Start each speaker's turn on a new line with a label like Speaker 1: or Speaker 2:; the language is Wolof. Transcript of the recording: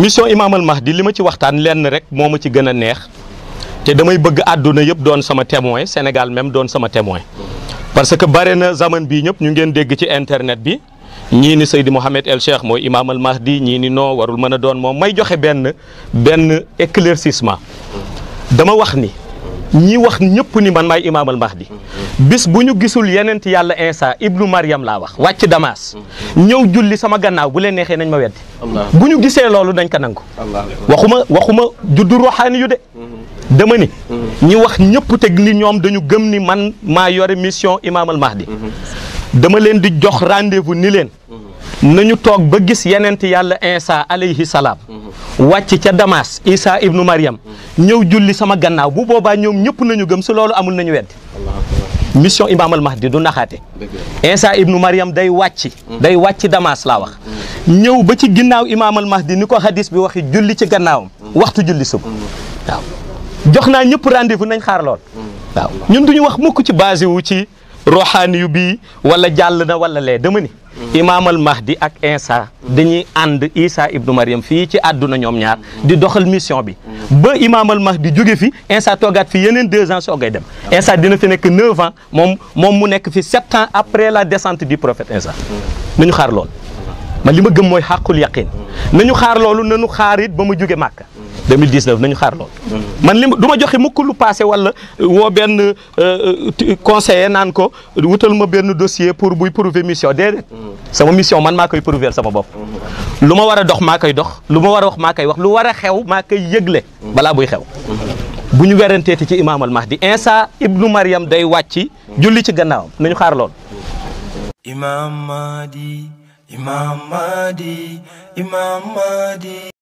Speaker 1: mission imaamal mahdi li ma ci waxtaan lenn rek moo ma ci gën a neex te damay bëgg àdduna yëpp doon sama témoin Sénégal même doon sama témoin parce que bare na zaman bii ñëpp ñu ngeen dégg ci internet bi ñii ni Seydi Mouhamed El Cheikh mooy imaamal mahdi ñii ni non warul mën a doon moom may joxe benn benn éclaircissement dama wax ni. ñi wax ñëpp ni man maay imaamal mahdi bis bu ñu gisul yenent yàlla Insa ibnu Maryam laa wax wàcc Damas ñëw julli sama gannaaw bu leen neexee nañ ma weddi bu ñu gisee loolu nañ ko nangu waxuma waxuma juddu roxaani yu de mm-hmm. dama ni mm-hmm. ñi wax ñëpp teg ni ñoom dañu gëm ni man maa yore mission imaamal mahdi mm-hmm. dama leen di jox rendez-vous ni leen nañu toog ba gis yenent yàlla Insa alayhi wàcc ca Damas Isa ibnu Maryam ñëw julli sama gannaaw bu boobaa ñoom ñëpp nañu gëm su loolu amul nañu weddi mission Imam al Mahdi du naxaate Isa ibnu Maryam day wàcc day wàcc Damas la wax ñëw ba ci ginnaaw Imam al Mahdi ni ko hadis bi waxi julli ci gannaawam waxtu julli suba waaw jox naa ñëpp rendez-vous nañ xaar lool waaw ñun duñu wax mukk ci basé ci roxaani yu bii wala jàll na wala lee dama ni imaamal mahdi ak instant dañuy ànd isa ibnu mariam fii ci àdduna ñoom ñaar di doxal mission bi ba imaamal mahdi jóge fi insa toogaat fi yeneen deux ans soogay dem insa dina fi nekk neuf ans moom moom mu nekk fi sept ans après la descente du prophète insa ñu xaar lool man li ma gëm mooy xàqul yaqin nañu xaar loolu nañu xaar it ba ma jóge màkka 2019 nañu xaar lool. man li du ma joxe mukk lu passé wala euh, woo benn euh, euh, conseiller naan ko wutal ma benn dossier pour buy prouver mission déedéet. Mm-hmm. sama mission man maa koy prouver sama bopp. Mm-hmm. lu ma war dox maa koy dox lu ma war a wax maa koy wax lu war a xew maa koy yëgle. Mm-hmm. balaa buy xew. bu ñu weranteeti ci imaam al mahdi Insa ibnu Maryam day wàcc. julli ci gannaawam nañu xaar lool. imaam Mahdi imaam Mahdi imaam Mahdi